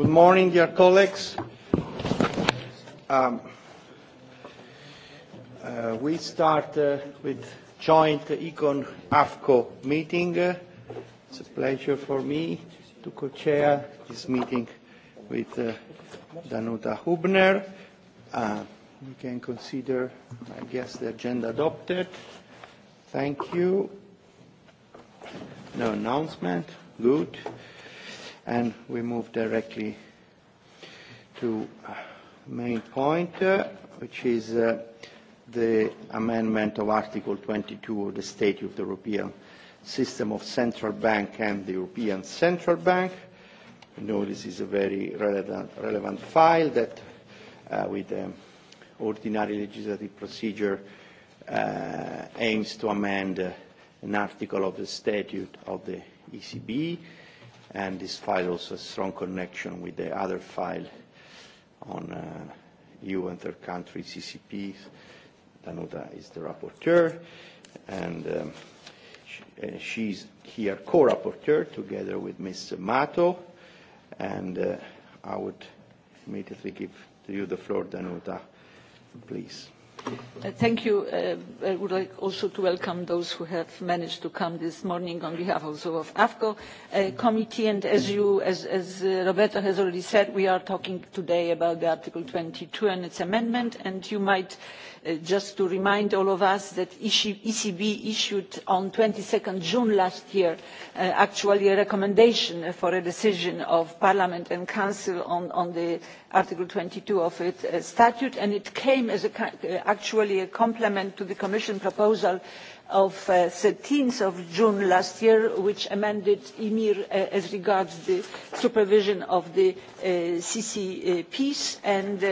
Good morning, dear colleagues. Um, uh, we start uh, with joint Econ AFCO meeting. Uh, it's a pleasure for me to co-chair this meeting with uh, Danuta Hubner. Uh, we can consider, I guess, the agenda adopted. Thank you. No announcement. Good. Uh, and we move directly to uh, main point, uh, which is uh, the amendment of Article 22 of the State of the European System of Central Bank and the European Central Bank. You know this is a very relevant, relevant file that uh, with um, ordinary legislative procedure uh, aims to amend uh, an article of the statute of the ECB uh, and this file also has strong connection with the other file on uh, EU and third country CCPs. Danuta is the rapporteur, and um, she, uh, she's here co-rapporteur together with Ms. Mato, and uh, I would immediately give to you the floor, Danuta, please. Uh, thank you. Uh, I would like also to welcome those who have managed to come this morning on behalf also of AFCO uh, committee. And as you, as, as uh, Roberto has already said, we are talking today about the Article 22 and its amendment. And you might uh, Uh, just to remind all of us that the ecb issued on twenty two june last year uh, actually a recommendation for a decision of parliament and council on, on article twenty two of its uh, statute and it came as a, actually a complement to the commission proposal of uh, thirteen june last year which amended emir uh, as regards the supervision of the uh, ccps and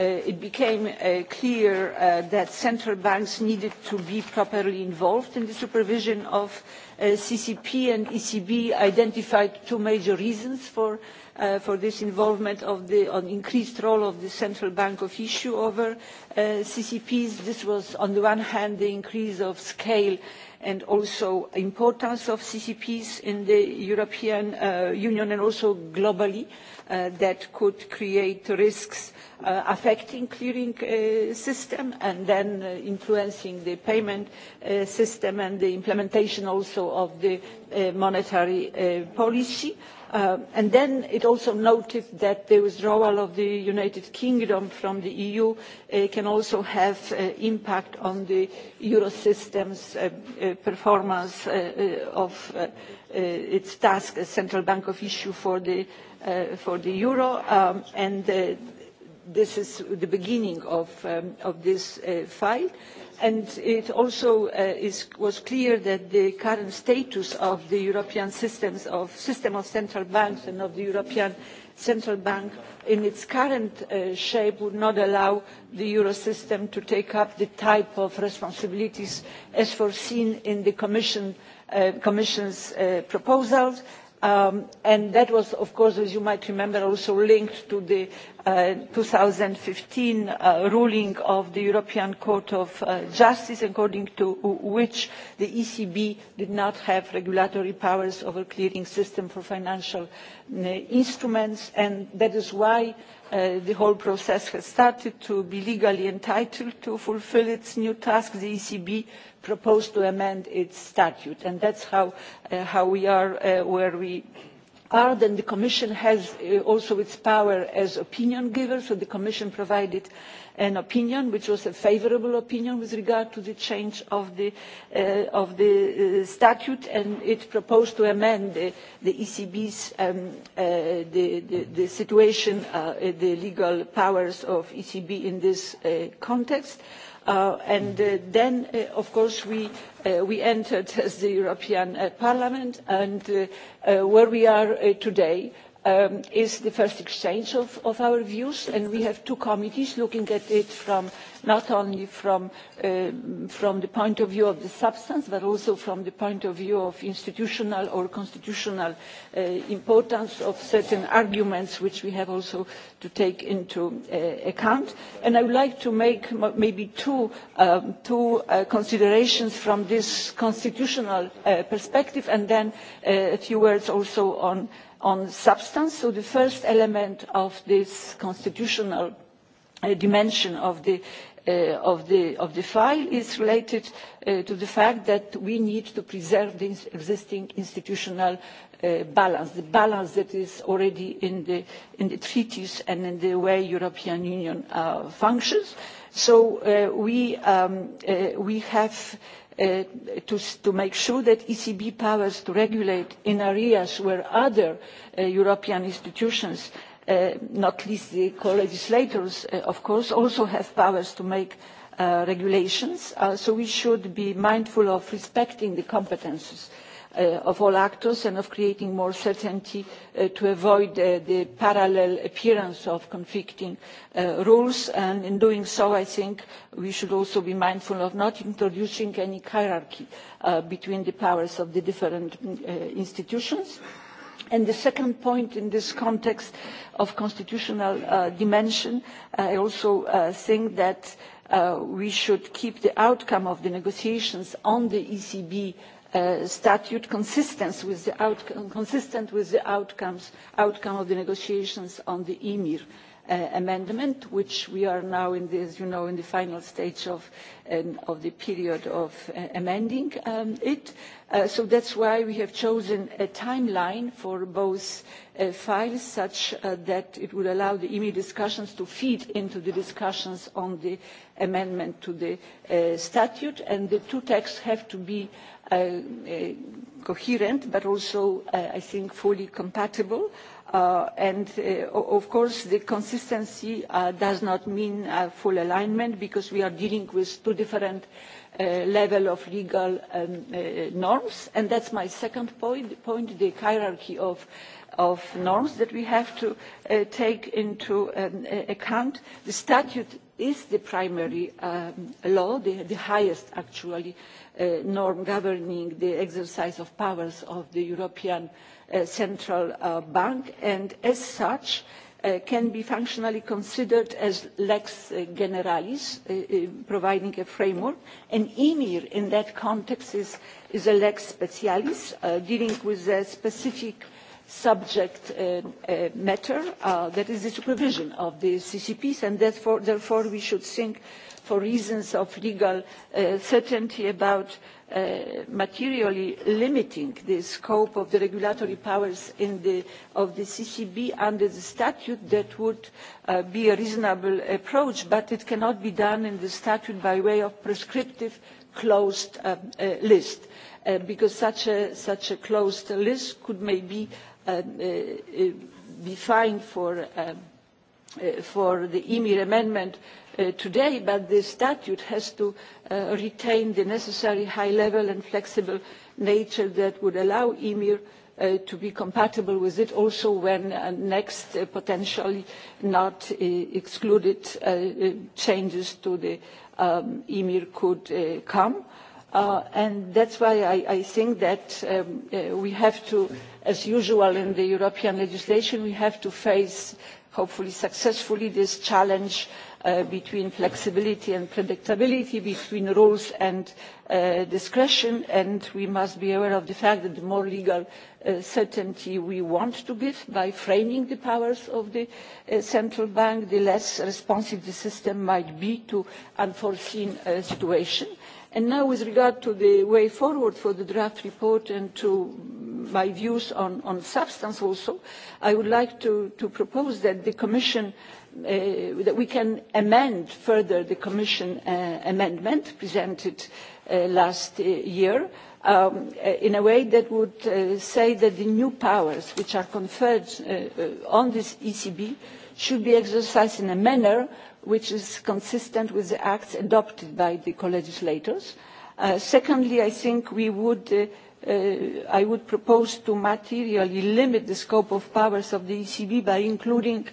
it became clear that central banks needed to be properly involved in the supervision of the ccp and the ecb identified two major reasons for uh, for this involvement of the on increased role of the central bank of issue over uh, ccps. this was on the one hand the increase of scale uh, and also importance of ccps in the european uh, union and also globally uh, that could create risks uh, affecting clearing uh, system and then uh, influencing the payment uh, system and the implementation also of the uh, monetary uh, policy Uh, and then it also noted that the withdrawal of the united kingdom from the eu uh, can also have an uh, impact on the euro system's uh, uh, performance uh, of uh, uh, its task as central bank of issue for the, uh, for the euro, um, and uh, this is the beginning of, um, of this uh, fight. And it also uh, is, was clear that the current status of the European systems of system of central banks and of the European uh, central bank in its current uh, shape would not allow the euro system to take up the type of responsibilities as foreseen in the commission, uh, commission's uh, proposals Um, and that was of course as you might remember also linked to the uh, two thousand and fifteen uh, ruling of the european court of uh, justice according to which the ecb did not have regulatory powers over the clearing system for financial uh, instruments and that is why Uh, the whole process has started to be legally entitled to fulfil its new task. The ECB proposed to amend its statute, and that's how, uh, how we are uh, where we are. Then the Commission has uh, also its power as opinion giver, so the Commission provided uh, an opinion which was a favourable opinion with regard to the change of the, uh, of the uh, statute and it proposed to amend the, the ecb's um, uh, the, the, the situation uh, uh the legal powers of ecb in this uh, context uh, and uh, then uh, of course we uh, we entered as the european uh, parliament and uh, uh, where we are uh, today uh, um, is the first exchange of, of our views and we have two committees looking at it from not only from, uh, from the point of view of the substance but also from the point of view of institutional or constitutional uh, importance of certain arguments which we have also to take into uh, account. And I would like to make maybe two, um, two uh, considerations from this constitutional uh, perspective and then uh, a few words also on on substance so the first element of this constitutional uh, dimension of the Uh, of, the, of the file is related uh, to the fact that we need to preserve the ins existing institutional uh, balance the balance that is already in the, in the treaties and in the way the european union uh, functions so uh, we, um, uh, we have to, to make sure that ecb powers to regulate in areas where other european institutions uh, not least the co-legislators, uh, of course, also have powers to make uh, regulations, uh, so we should be mindful of respecting the competences uh, of all actors and of creating more certainty uh, to avoid uh, the parallel appearance of conflicting uh, rules. And in doing so, I think we should also be mindful of not introducing any hierarchy uh, between the powers of the different uh, institutions. Uh, And the second point in this context of constitutional uh, dimension, uh, I also uh, think that uh, we should keep the outcome of the negotiations on the ECB uh, statute consistent with the, outcome, consistent with the outcomes, outcome of the negotiations on the EMIR. Uh, uh, amendment, which we are now, in the, as you know, in the final stage of, um, of the period of uh, amending um, it. Uh, so that's why we have chosen a timeline for both uh, files such uh, that it would allow the EMI discussions to feed into the discussions on the amendment to the uh, statute and the two texts have to be uh, uh, coherent but also uh, I think fully compatible. Uh, Uh, and uh, of course the consistency uh, does not mean uh, full alignment because we are dealing with two different uh, levels of legal um, uh, norms and that is my second point, point the hierarchy of, of norms that we have to take into um, account. the statute is the primary um, law, the, the highest actually uh, norm governing the exercise of powers of the European uh, Central uh, Bank and as such uh, can be functionally considered as lex generalis, uh, uh, providing a framework, and EMIR in that context is, is a lex specialis, uh, dealing with a specific uh, subject uh, uh, matter uh, that is the supervision of the ccps and therefore, therefore we should think for reasons of legal uh, certainty about uh, materially limiting the scope of the regulatory powers the, of the ccb under the statute that would uh, be a reasonable approach but it cannot be done in the statute by way of a prescriptive closed list because such a, such a closed list could maybe um, uh, uh be fine for, um, uh, for the emir amendment uh, today but the statute has to uh, retain the necessary high level and flexible nature that would allow emir uh, to be compatible with it also when next potentially not excluded changes to the um, emir could come. Uh, and that's why I, I think that um, uh, we have to, as usual in the European legislation, we have to face, hopefully successfully, this challenge uh, between flexibility and predictability, between rules and uh, discretion, and we must be aware of the fact that the more legal uh, certainty we want to give by framing the powers of the uh, central bank, the less responsive the system might be to unforeseen uh, situations And now with regard to the way forward for the draft report and to my views on, on substance also, I would like to, to propose that the Commission, uh, that we can amend further the Commission uh, amendment presented uh, last uh, year um, uh, in a way that would uh, say that the new powers which are conferred uh, uh, on this ECB should be exercised in a manner which is consistent with the acts adopted by the colegislators. Uh, secondly, I think we would, uh, uh, I would propose to materially limit the scope of powers of the ECB by including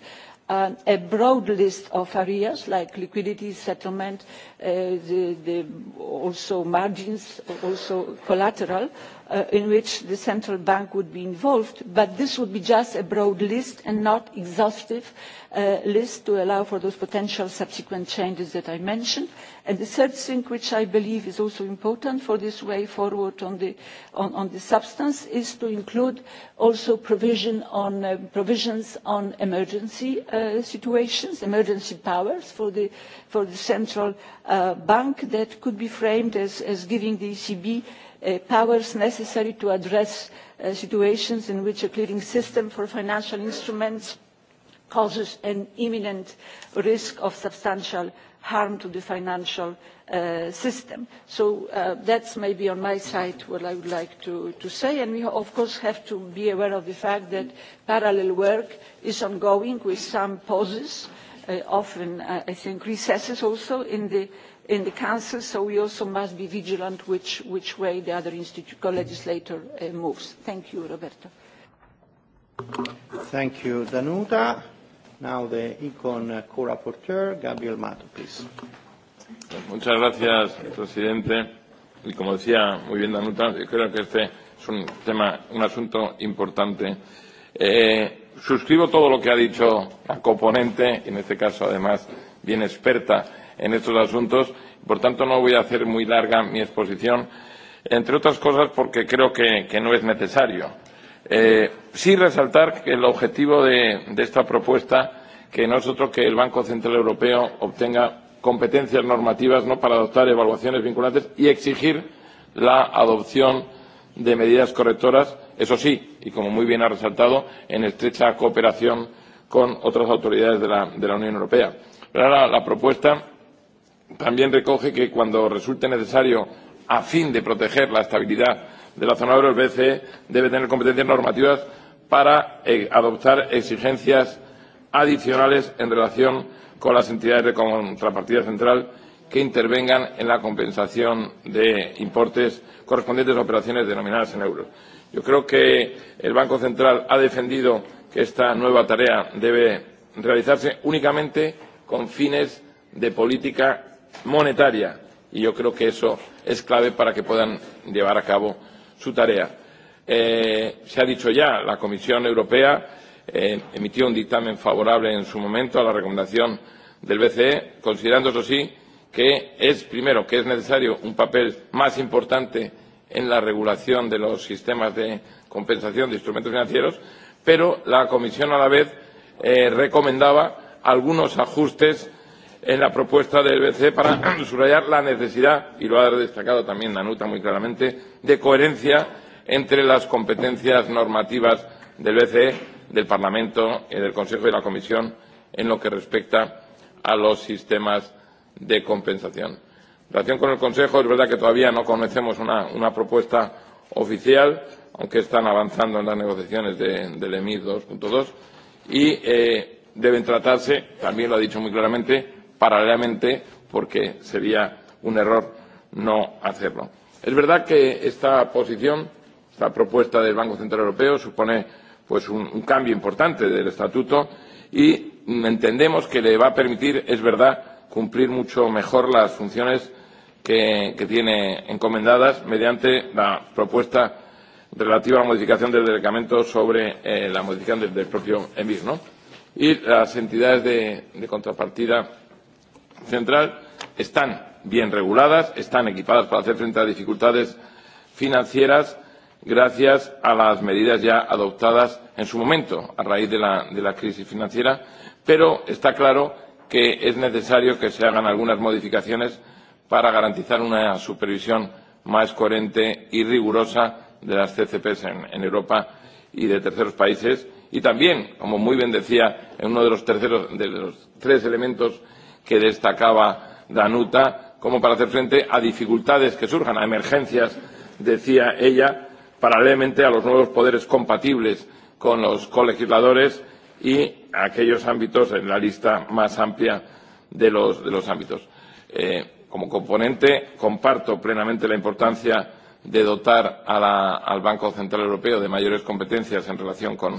uh, a broad list of areas like liquidity, settlement, Uh, the, the also margins, also collateral, uh, in which the central bank would be involved, but this would be just a broad list and not exhaustive uh, list to allow for those potential subsequent changes that I mentioned. And the third thing, which I believe is also important for this way forward on the, on, on the substance, is to include also provision on, uh, provisions on emergency uh, situations, emergency powers for the, for the central uh, uh, bank that could be framed as, as giving the ECB uh, powers necessary to address uh, situations in which a clearing system for financial instruments causes an imminent risk of substantial harm to the financial uh, system. So uh, that's maybe on my side what I would like to, to say. And we of course have to be aware of the fact that parallel work is ongoing with some pauses. Uh, uh, often, uh, I think, recesses also in the, in the Council, so we also must be vigilant which, which way the other co-legislator uh, moves. Thank you, Roberto. Thank you, Danuta. Now the ECON co-rapporteur, Gabriel Mato, please. Muchas gracias, presidente. Y como decía muy bien Danuta, yo creo que este es un tema, un asunto importante. Eh, suscribo todo lo que ha dicho la componente, en este caso además bien experta en estos asuntos, por tanto no voy a hacer muy larga mi exposición, entre otras cosas porque creo que, que no es necesario. Eh, sí resaltar que el objetivo de, de esta propuesta, que no es otro que el Banco Central Europeo obtenga competencias normativas ¿no? para adoptar evaluaciones vinculantes y exigir la adopción de medidas correctoras eso sí, y como muy bien ha resaltado, en estrecha cooperación con otras autoridades de la, de la Unión Europea. Pero ahora la propuesta también recoge que cuando resulte necesario, a fin de proteger la estabilidad de la zona euro, el BCE debe tener competencias normativas para eh, adoptar exigencias adicionales en relación con las entidades de contrapartida central que intervengan en la compensación de importes correspondientes a operaciones denominadas en euros. Yo creo que el Banco Central ha defendido que esta nueva tarea debe realizarse únicamente con fines de política monetaria y yo creo que eso es clave para que puedan llevar a cabo su tarea. Eh, se ha dicho ya, la Comisión Europea eh, emitió un dictamen favorable en su momento a la recomendación del BCE, considerando, eso sí, que es, primero, que es necesario un papel más importante en la regulación de los sistemas de compensación de instrumentos financieros, pero la Comisión a la vez eh, recomendaba algunos ajustes en la propuesta del BCE para subrayar la necesidad, y lo ha destacado también Danuta muy claramente, de coherencia entre las competencias normativas del BCE, del Parlamento, eh, del Consejo y de la Comisión en lo que respecta a los sistemas de compensación. En relación con el Consejo, es verdad que todavía no conocemos una, una propuesta oficial, aunque están avanzando en las negociaciones de, del EMIR 2.2, y eh, deben tratarse, también lo ha dicho muy claramente, paralelamente, porque sería un error no hacerlo. Es verdad que esta posición, esta propuesta del Banco Central Europeo, supone pues un, un cambio importante del estatuto y entendemos que le va a permitir, es verdad, cumplir mucho mejor las funciones que, que tiene encomendadas mediante la propuesta relativa a la modificación del reglamento sobre eh, la modificación del, del propio EMIR. ¿no? Y las entidades de, de contrapartida central están bien reguladas, están equipadas para hacer frente a dificultades financieras gracias a las medidas ya adoptadas en su momento a raíz de la, de la crisis financiera, pero está claro que es necesario que se hagan algunas modificaciones para garantizar una supervisión más coherente y rigurosa de las CCPs en, en Europa y de terceros países. Y también, como muy bien decía, en uno de los, terceros, de los tres elementos que destacaba Danuta, como para hacer frente a dificultades que surjan, a emergencias, decía ella, paralelamente a los nuevos poderes compatibles con los colegisladores y aquellos ámbitos en la lista más amplia de los, de los ámbitos. Eh, como componente, comparto plenamente la importancia de dotar a la, al Banco Central Europeo de mayores competencias en relación con,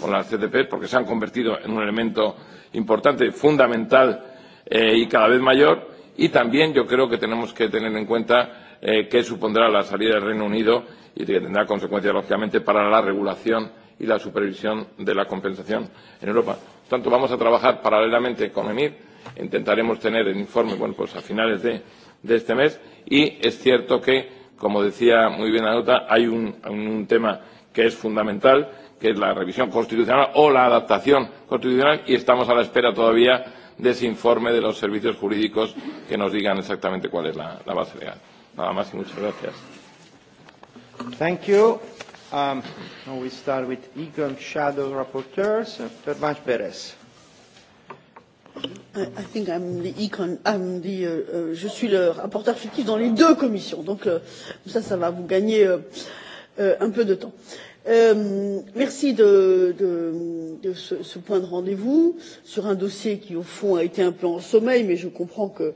con las CTP, porque se han convertido en un elemento importante, fundamental eh, y cada vez mayor. Y también yo creo que tenemos que tener en cuenta eh, qué supondrá la salida del Reino Unido y que tendrá consecuencias, lógicamente, para la regulación y la supervisión de la compensación en Europa. Por tanto, vamos a trabajar paralelamente con EMIR intentaremos tener el informe bueno, pues a finales de, de este mes y es cierto que, como decía muy bien la nota, hay un, un tema que es fundamental, que es la revisión constitucional o la adaptación constitucional y estamos a la espera todavía de ese informe de los servicios jurídicos que nos digan exactamente cuál es la, la base legal. Nada más y muchas gracias. Thank you. Um, now we start with EGOM shadow rapporteurs, Pervanche Perez. I think I'm the econ, I'm the, euh, je suis le rapporteur fictif dans les deux commissions, donc euh, ça, ça va vous gagner euh, euh, un peu de temps. Euh, merci de, de, de ce, ce point de rendez-vous sur un dossier qui, au fond, a été un peu en sommeil, mais je comprends que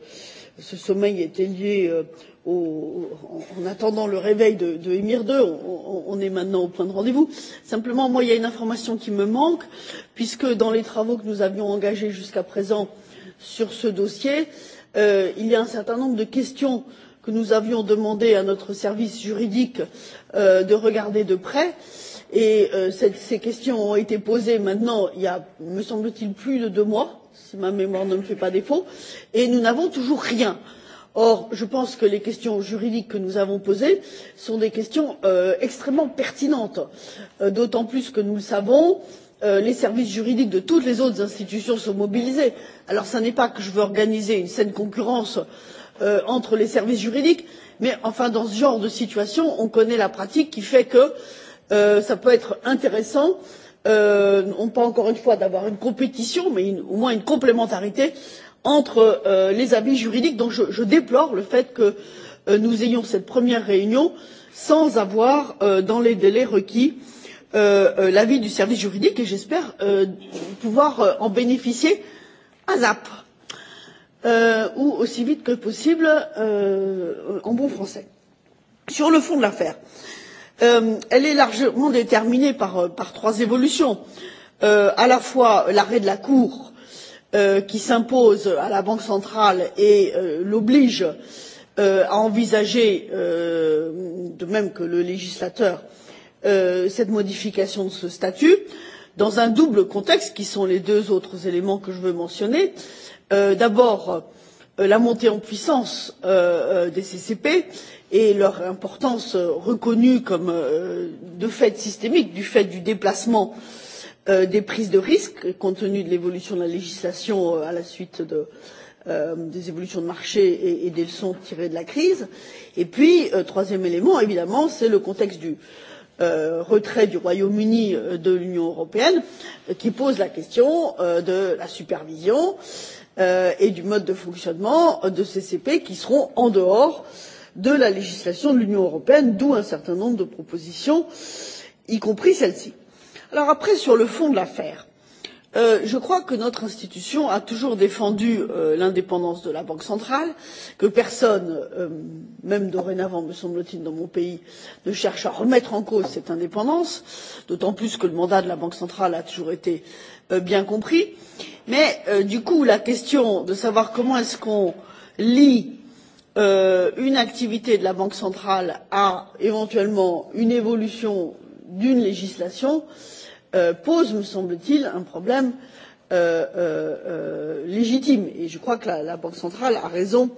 ce sommeil était lié euh, au, en, en attendant le réveil de, de Emir II. On, on est maintenant au point de rendez-vous. Simplement, moi, il y a une information qui me manque, puisque dans les travaux que nous avions engagés jusqu'à présent, euh, sur ce dossier. Euh, il y a un certain nombre de questions que nous avions demandé à notre service juridique euh, de regarder de près et euh, cette, ces questions ont été posées maintenant il y a me semble t il plus de deux mois si ma mémoire ne me fait pas défaut et nous n'avons toujours rien. or je pense que les questions juridiques que nous avons posées sont des questions euh, extrêmement pertinentes euh, d'autant plus que nous le savons euh, euh, les services juridiques de toutes les autres institutions sont mobilisés. alors ce n'est pas que je veux organiser une saine concurrence euh, entre les services juridiques mais enfin dans ce genre de situation on connaît la pratique qui fait que euh, ça peut être intéressant euh, non pas encore une fois d'avoir une compétition mais une, au moins une complémentarité entre euh, les avis juridiques. donc je, je déplore le fait que euh, nous ayons cette première réunion sans avoir dans les délais requis Euh, euh, l'avis du service juridique et j'espère euh, pouvoir euh, en bénéficier ASAP euh, ou aussi vite que possible euh, en bon français. Sur le fond de l'affaire, euh, elle est largement déterminée par, euh, par trois évolutions euh, à la fois l'arrêt de la Cour euh, qui s'impose à la Banque centrale et euh, l'oblige euh, à envisager, euh, de même que le législateur, euh, euh, cette modification de ce statut dans un double contexte qui sont les deux autres éléments que je veux mentionner euh, d'abord euh, la montée en puissance euh, euh des ccp et leur importance euh, reconnue comme euh, de fait systémique du fait du déplacement des prises de risque compte tenu de l'évolution de la législation à la suite de, des évolutions de marché et, et des leçons tirées de la crise et puis troisième élément évidemment c'est le contexte du Euh, retrait du royaume uni euh, de l'union européenne euh, qui pose la question de la supervision et du mode de fonctionnement de ces cp qui seront en dehors de la législation de l'union européenne d'où un certain nombre de propositions y compris celle ci. sur le fond de l'affaire Euh, je crois que notre institution a toujours défendu euh, l'indépendance de la banque centrale que personne euh, même dorénavant me semble t il dans mon pays ne cherche à remettre en cause cette indépendance d'autant plus que le mandat de la banque centrale a toujours été bien compris mais du coup la question de savoir comment est ce qu'on lie une activité de la banque centrale à éventuellement une évolution d'une législation est euh, pose me semble t il un problème euh, euh, euh, légitime et je crois que la, la banque centrale a raison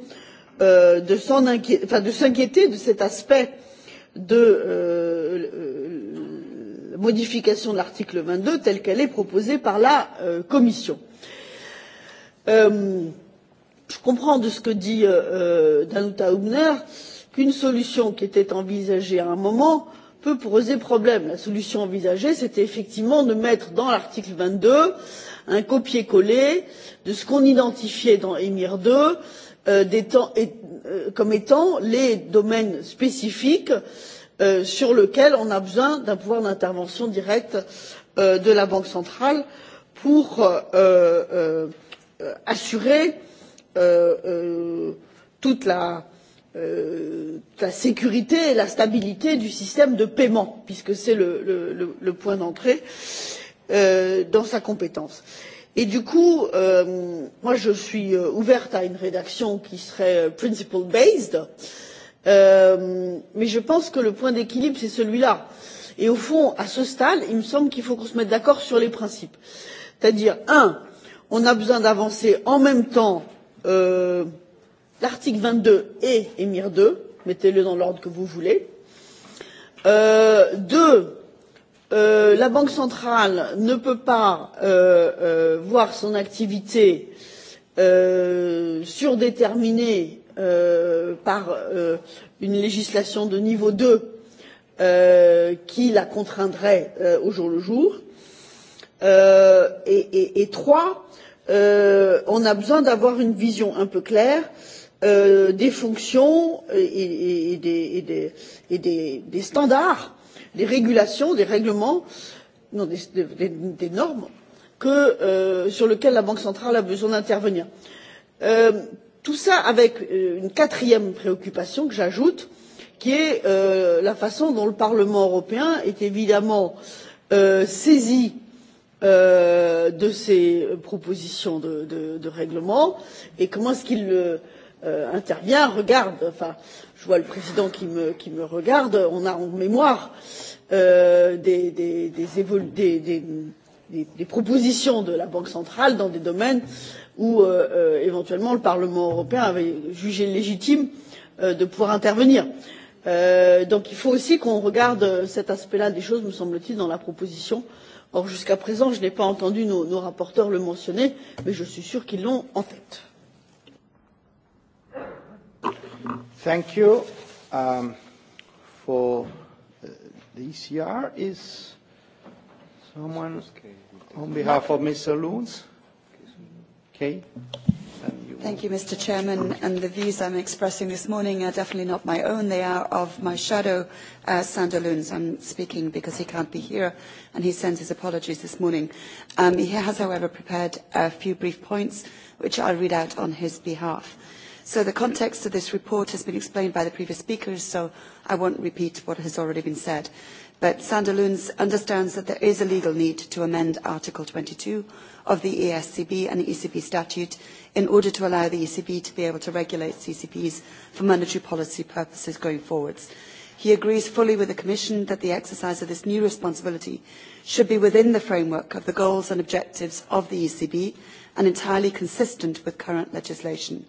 euh, de s'inquiéter enfin, de, de cet aspect de euh, la modification de l'article vingt deux telle qu'elle est proposée par la commission. je comprends de ce que dit danuta hübner qu'une solution qui était envisagée à un moment peut poser problème. la solution envisagée c'était effectivement de mettre dans l'article vingt deux un copier coller de ce qu'on identifiait dans emir ii euh, euh, comme étant les domaines spécifiques euh, sur lesquels on a besoin d'un pouvoir d'intervention directe de la banque centrale pour assurer toute la euh, la sécurité et la stabilité du système de paiement puisque c'est le, le, le point d'entrée euh, dans sa compétence. Et du coup euh, moi je suis euh, ouverte à une rédaction qui serait euh, principle based euh, mais je pense que le point d'équilibre c'est celui là et au fond à ce stade il me semble qu'il faut qu'on se mette d'accord sur les principes c'est à dire un on a besoin d'avancer en même temps euh, l'article vingt deux et emir deux mettez les dans l'ordre que vous voulez. Euh, deux euh, la banque centrale ne peut pas euh, euh, voir son activité euh, surdéterminée euh, par euh, une législation de niveau deux euh, qui la contraindrait euh, au jour le jour. Euh, et, et, et trois, euh, on a besoin d'avoir une vision un peu claire euh, euh, des fonctions et, et, et, des, et, des, et des, des standards, des régulations, des règlements, non, des, des, des normes que, euh, sur lesquelles la Banque centrale a besoin d'intervenir. Euh, tout ça avec euh, une quatrième préoccupation que j'ajoute, qui est euh, la façon dont le Parlement européen est évidemment euh, saisi euh, de ces propositions de, de, de règlement et comment est-ce qu'il euh, euh, intervient regarde enfin je vois le président qui me, qui me regarde on a en mémoire euh, des, des, des, évolu des, des, des, des propositions de la banque centrale dans des domaines où euh, euh, éventuellement le parlement européen avait jugé légitime euh, de pouvoir intervenir. Euh, donc il faut aussi qu'on regarde cet aspect là des choses me semble t il dans la proposition or jusqu'à présent je n'ai pas entendu nos, nos rapporteurs le mentionner mais je suis sûre qu'ils l'ont en tête. Thank you. Um, for uh, the ECR is someone on behalf of Mr. Loons? Kay? Thank you, Mr. Chairman. And the views I'm expressing this morning are definitely not my own. They are of my shadow, uh, Sander Loons. I'm speaking because he can't be here, and he sends his apologies this morning. Um, he has, however, prepared a few brief points, which I'll read out on his behalf. Uh, So the context of this report has been explained by the previous speakers, so I won't repeat what has already been said. But Sander Loons understands that there is a legal need to amend Article 22 of the ESCB and the ECB statute in order to allow the ECB to be able to regulate CCPs for monetary policy purposes going forwards. He agrees fully with the Commission that the exercise of this new responsibility should be within the framework of the goals and objectives of the ECB and entirely consistent with current legislation.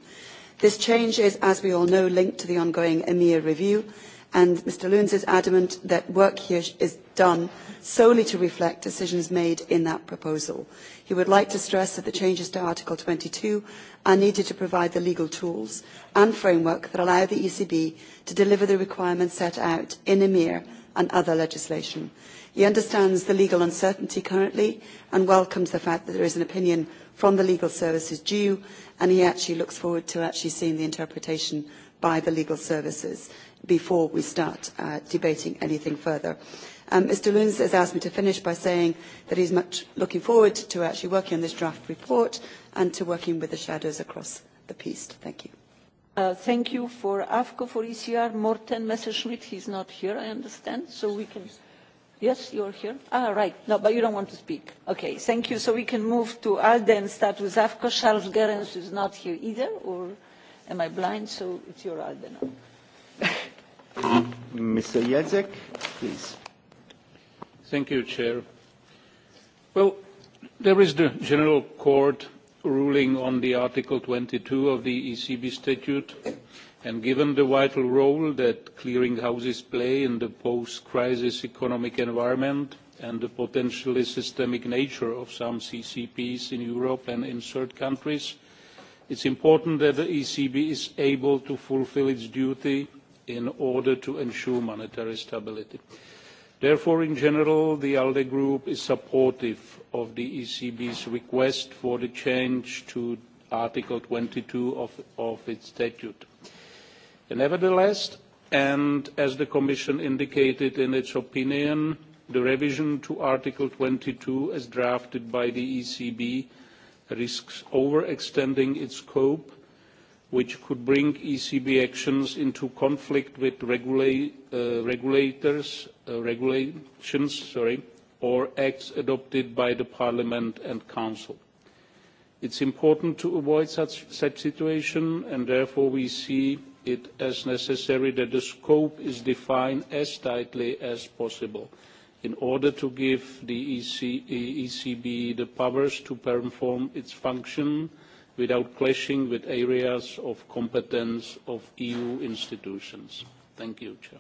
This change is, as we all know, linked to the ongoing EMEA review, and Mr Loons is adamant that work here is done solely to reflect decisions made in that proposal. He would like to stress that the changes to Article 22 are needed to provide the legal tools and framework that allow the ECB to deliver the requirements set out in EMIR e and other legislation. He understands the legal uncertainty currently and welcomes the fact that there is an opinion from the legal services due, and he actually looks forward to actually seeing the interpretation by the legal services before we start uh, debating anything further. Um, Mr. Luns has asked me to finish by saying that he's much looking forward to actually working on this draft report and to working with the shadows across the piece. Thank you. Uh, thank you for AFCO, for ECR. Morten Messerschmidt, he's not here, I understand, so we can... Yes yes you are here ah right no but you don't want to speak okay thank you so we can move to alde and start with afco charles goerens is not here either or am i blind so it's your alde now mr jacek please thank you chair well there is the general court ruling on the article 22 of the ecb statute and given the vital role that clearinghouses play in the post-crisis economic environment and the potentially systemic nature of some ccps in europe and in third countries it is important that the ecb is able to fulfil its duty in order to ensure monetary stability. therefore in general the alde group is supportive of the ecb's request for the change to article twenty two of, of its statute. Nevertheless, and as the Commission indicated in its opinion, the revision to Article 22 as drafted by the ECB risks overextending its scope, which could bring ECB actions into conflict with regula uh, regulators, uh, regulations sorry, or acts adopted by the Parliament and Council. It's important to avoid such, such situation, and therefore we see it as necessary that the scope is defined as tightly as possible in order to give the EC, ECB e the powers to perform its function without clashing with areas of competence of EU institutions. Thank you, Chair.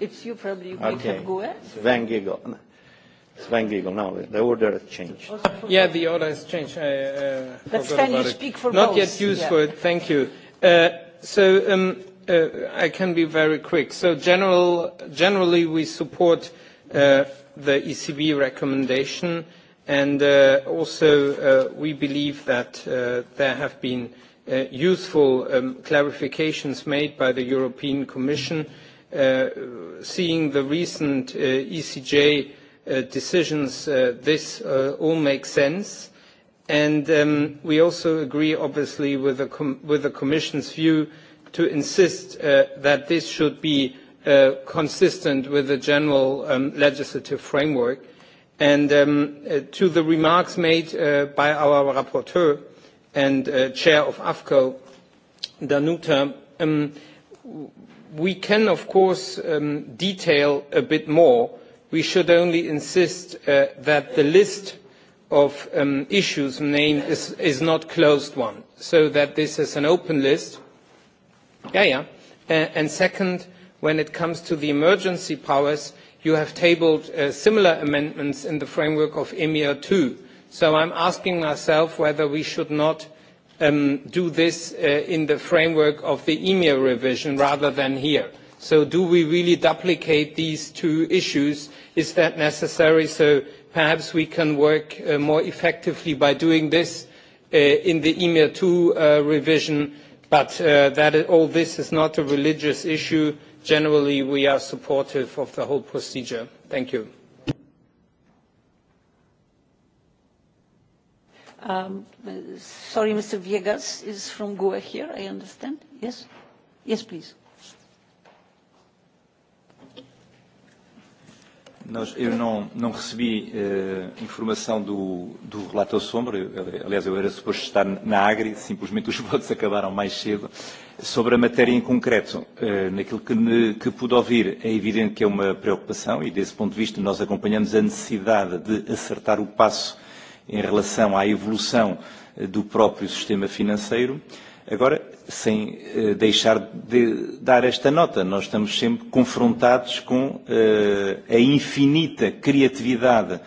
It's you probably you okay. have go ahead. Sven Gigon. Sven Giegel now. The order has changed. Yeah, the order has changed. I, uh, but Sven, you speak for Not both. yet used yeah. for it. Thank you. Uh, so um, uh, I can be very quick. So general, generally, we support uh, the ECB recommendation, and uh, also uh, we believe that uh, there have been uh, useful um, clarifications made by the European Commission, uh, seeing the recent uh, ECJ uh, uh, decisions, uh, this uh, all makes sense. And um, we also agree, obviously, with the, com with the Commission's view to insist uh, that this should be uh, consistent with the general um, legislative framework. And um, uh, to the remarks made uh, by our rapporteur and uh, chair of AFCO, Danuta, um, we can, of course, um, detail a bit more we should only insist uh, that the list of um, issues named is, is not closed one, so that this is an open list. Yeah, yeah. Uh, and second, when it comes to the emergency powers, you have tabled uh, similar amendments in the framework of EMIR 2. So I'm asking myself whether we should not um, do this uh, in the framework of the EMIR revision rather than here. Uh, So do we really duplicate these two issues? Is that necessary? So perhaps we can work uh, more effectively by doing this uh, in the EMIR 2 uh, revision, but uh, that it, all this is not a religious issue. Generally, we are supportive of the whole procedure. Thank you. Um, sorry, Mr. Viegas is from GUE here, I understand. Yes? Yes, please. Nós, eu não, não recebi uh, informação do, do relator sombra, eu, aliás, eu era suposto estar na Agri, simplesmente os votos acabaram mais cedo. Sobre a matéria em concreto, uh, naquilo que, me, que pude ouvir, é evidente que é uma preocupação e, desse ponto de vista, nós acompanhamos a necessidade de acertar o passo em relação à evolução uh, do próprio sistema financeiro. Uh, Agora, sem eh, deixar de dar esta nota, nós estamos sempre confrontados com eh, a infinita criatividade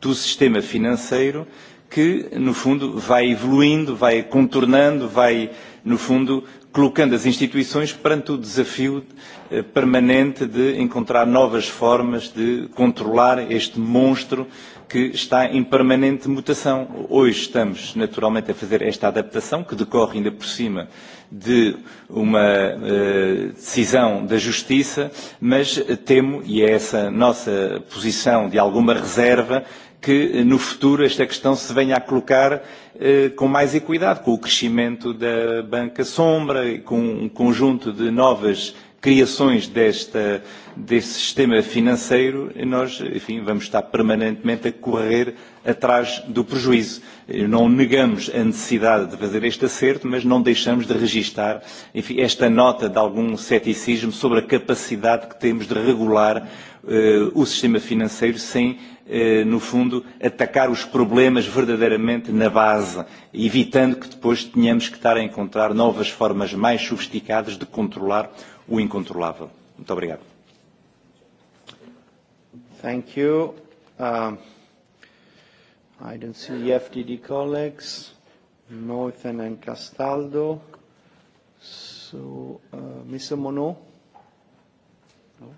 do sistema financeiro que, no fundo, vai evoluindo, vai contornando, vai, no fundo, colocando as instituições perante o desafio eh, permanente de encontrar novas formas de controlar este monstro eh, que está em permanente mutação. Hoje estamos naturalmente a fazer esta adaptação, que decorre ainda por cima de uma uh, decisão da Justiça, mas temo, e é essa nossa posição de alguma reserva, que no futuro esta questão se venha a colocar eh, com mais equidade, com o crescimento da banca sombra, e com um conjunto de novas criações desta, desse sistema financeiro, nós, enfim, vamos estar permanentemente a correr atrás do prejuízo. Não negamos a necessidade de fazer este acerto, mas não deixamos de registar, enfim, esta nota de algum ceticismo sobre a capacidade que temos de regular eh, o sistema financeiro sem eh, no fundo, atacar os problemas verdadeiramente na base, evitando que depois tenhamos que estar a encontrar novas formas mais sofisticadas de controlar o incontrolável. Muito obrigado. Thank you. Um, I don't see the FDD colleagues, Northern and Castaldo. So, uh, Mr. Monod? No?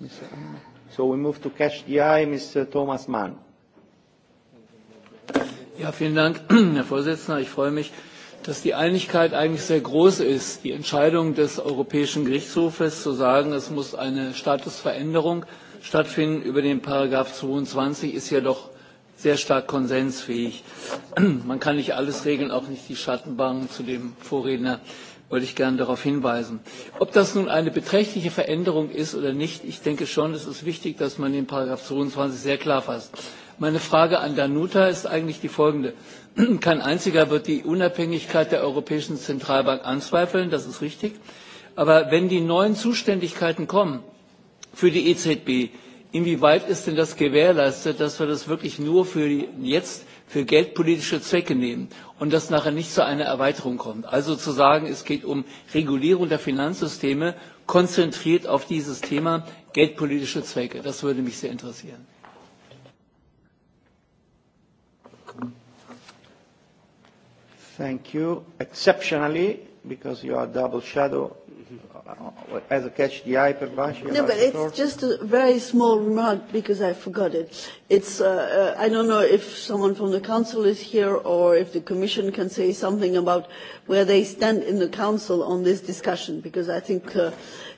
Mr. Anna. So we move to Cash DI, Mr. Thomas Mann. Ja, vielen Dank, Herr Vorsitzender. Ich freue mich, dass die Einigkeit eigentlich sehr groß ist, die Entscheidung des Europäischen Gerichtshofes zu sagen, es muss eine Statusveränderung stattfinden über den Paragraph 22 ist ja doch sehr stark konsensfähig. Man kann nicht alles regeln, auch nicht die Schattenbanken. Zu dem Vorredner wollte ich gerne darauf hinweisen. Ob das nun eine beträchtliche Veränderung ist oder nicht, ich denke schon, es ist wichtig, dass man den Paragraph 22 sehr klar fasst meine frage an danuta ist eigentlich die folgende kein einziger wird die unabhängigkeit der europäischen zentralbank anzweifeln das ist richtig aber wenn die neuen zuständigkeiten kommen für die ezb inwieweit ist denn das gewährleistet dass wir das wirklich nur für jetzt für geldpolitische zwecke nehmen und das nachher nicht zu einer erweiterung kommt also zu sagen es geht um regulierung der finanzsysteme konzentriert auf dieses thema geldpolitische zwecke das würde mich sehr interessieren. Thank you. Exceptionally, because you are double shadow, uh, as a catch the eye, Pervash. No, but it's just a very small remark because I forgot it. It's, uh, uh, I don't know if someone from the Council is here or if the Commission can say something about where they stand in the Council on this discussion because I think uh,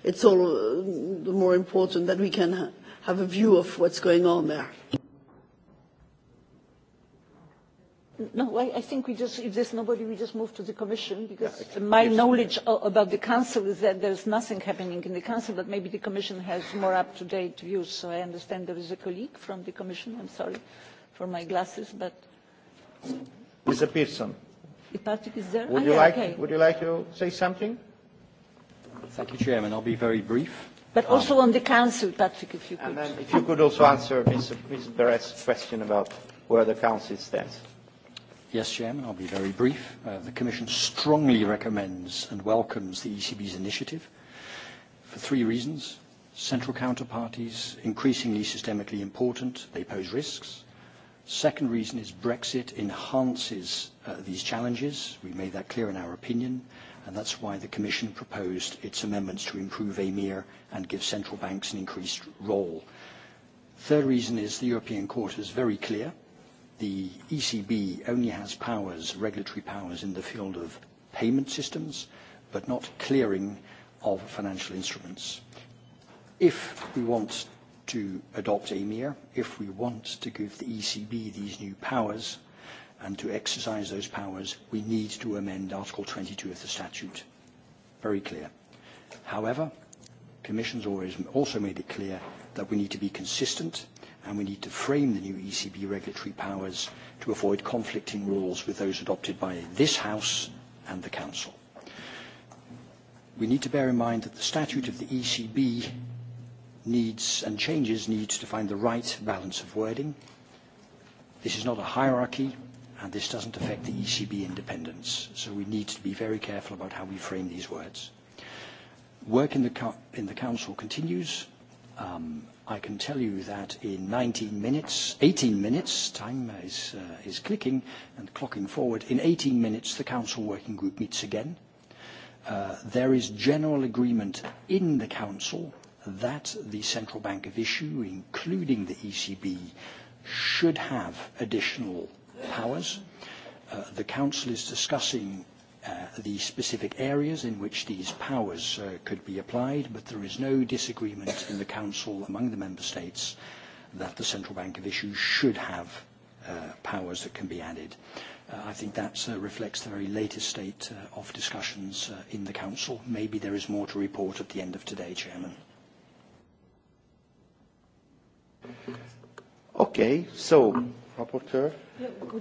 it's all uh, the more important that we can ha- have a view of what's going on there. No, I, I think we just, if there's nobody, we just move to the Commission because yeah, my yes, knowledge yeah. about the Council is that there's nothing happening in the Council, but maybe the Commission has more up-to-date views. So I understand there is a colleague from the Commission. I'm sorry for my glasses, but... Mr. Pearson. Patrick is there? Would, ah, you yeah, like, okay. would you like to say something? Thank you, Chairman. I'll be very brief. But um, also on the Council, Patrick, if you could. And then if you could also answer Mr. Mr. Beret's question about where the Council stands. Yes, Chairman, I'll be very brief. Uh, the Commission strongly recommends and welcomes the ECB's initiative for three reasons. Central counterparties, increasingly systemically important, they pose risks. Second reason is Brexit enhances uh, these challenges. We made that clear in our opinion, and that's why the Commission proposed its amendments to improve EMIR and give central banks an increased role. Third reason is the European Court is very clear the ECB only has powers, regulatory powers, in the field of payment systems, but not clearing of financial instruments. If we want to adopt EMIR, if we want to give the ECB these new powers and to exercise those powers, we need to amend Article 22 of the statute. Very clear. However, Commission's always also made it clear that we need to be consistent and we need to frame the new ECB regulatory powers to avoid conflicting rules with those adopted by this House and the Council. We need to bear in mind that the statute of the ECB needs and changes needs to find the right balance of wording. This is not a hierarchy and this doesn't affect the ECB independence, so we need to be very careful about how we frame these words. Work in the, co- in the Council continues Um, I can tell you that in 19 minutes, 18 minutes, time is, uh, is clicking and clocking forward. In 18 minutes, the Council Working Group meets again. Uh, there is general agreement in the Council that the Central Bank of Issue, including the ECB, should have additional powers. Uh, the Council is discussing uh, the specific areas in which these powers uh, could be applied, but there is no disagreement in the Council among the Member States that the Central Bank of Issue should have uh, powers that can be added. Uh, I think that uh, reflects the very latest state uh, of discussions uh, in the Council. Maybe there is more to report at the end of today, Chairman. Okay, so rapporteur?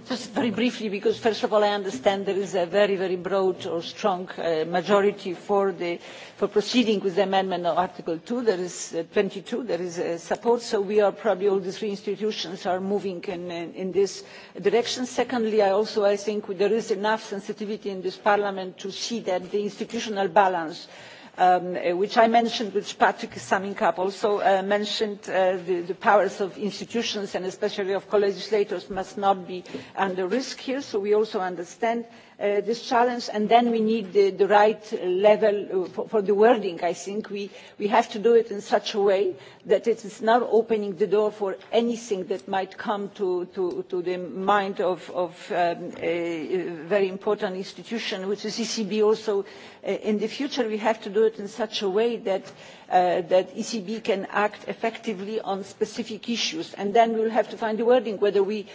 Just very briefly, because first of all, I understand there is a very, very broad or strong uh, majority for, the, for proceeding with the amendment of Article 2. There is uh, 22, there is uh, support, so we are probably all the three institutions are moving in, in, uh, in this direction. Secondly, I also I think there is enough sensitivity in this Parliament to see that the institutional balance uh, um, uh, which i mentioned which patrick is summing up also uh, mentioned uh, the, the powers of institutions and especially of co legislators must not be under risk here so we also understand uh, this challenge and then we need the, the right level uh, for, for the wording i think we, we have to do it in such a way that it is not opening the door for anything that might come to, to, to the mind of, of um, a very important institution which is the ecb also uh, in the future we have to do structured in such a way that uh, the ecb can act effectively on specific issues and then we will have to find the wording whether we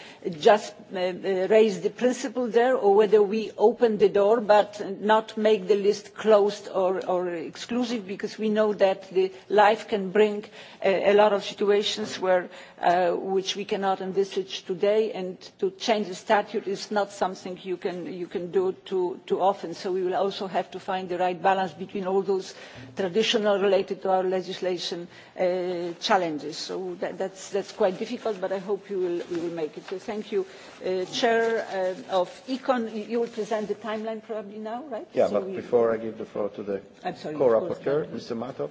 just uh, uh, raise the principle there or whether we open the door but not make the list closed or, or exclusive because we know that life can bring a, uh, a lot of situations where uh, which we cannot envisage today and to change the statute is not something you can, you can do too, too often so we will also have to find the right balance between all those traditional related to our legislation uh, challenges so that, that's, that's quite difficult but I hope you will, you will make it. So thank you uh, Chair uh, of Econ you will present the timeline probably now right? Yeah so but we, before I give the floor to the co-rapporteur Mr. Matov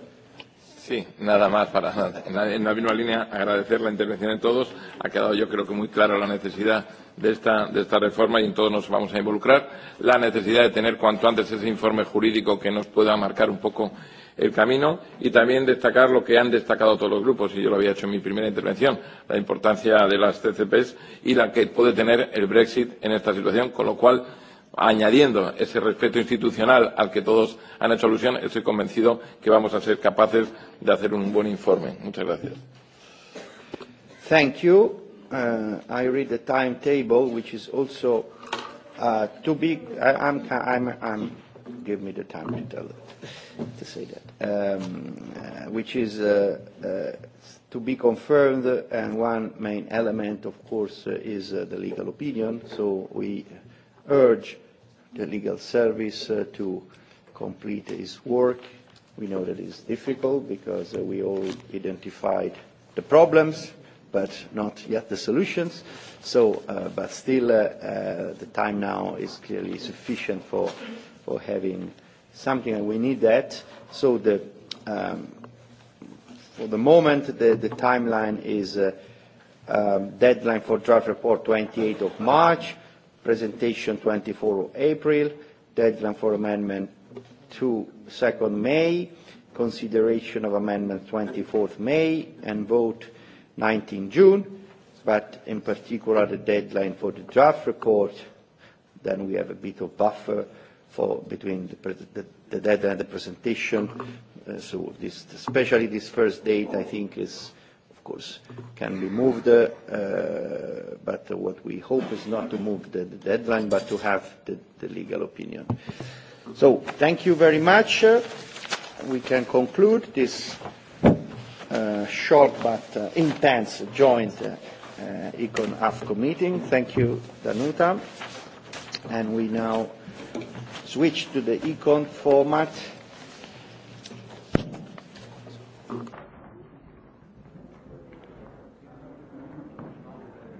Sí, nada más para nada. En, la, en la misma línea, agradecer la intervención de todos. Ha quedado, yo creo que muy clara la necesidad de esta, de esta reforma y en todo nos vamos a involucrar. La necesidad de tener cuanto antes ese informe jurídico que nos pueda marcar un poco el camino y también destacar lo que han destacado todos los grupos, y yo lo había hecho en mi primera intervención, la importancia de las TCPs y la que puede tener el Brexit en esta situación, con lo cual añadiendo ese respeto institucional al que todos han hecho alusión, estoy convencido que vamos a ser capaces de hacer un buen informe. Muchas gracias. Thank you. Uh, I read the timetable, which is also uh, too big. I, I'm, I'm, I'm, give me the time to tell it, to say that, um, uh, which is uh, uh, to be confirmed, and one main element, of course, uh, is uh, the legal opinion. So we urge the legal service uh, to complete his work. We know that it's difficult because uh, we all identified the problems, but not yet the solutions. So, uh, but still, uh, uh, the time now is clearly sufficient for, for having something, and we need that. So the, um, for the moment, the, the timeline is uh, um, deadline for draft report 28th of March presentation 24 April, deadline for amendment to 2nd May, consideration of amendment 24th May, and vote 19 June, but in particular the deadline for the draft report, then we have a bit of buffer for between the, pre the, the deadline and the presentation. Uh, so this, especially this first date, I think, is of course, can be moved, uh, uh, but what we hope is not to move the, the deadline, but to have the, the legal opinion. So thank you very much. Uh, we can conclude this uh, short but uh, intense joint uh, uh, Econ AFCO meeting. Thank you, Danuta. And we now switch to the Econ format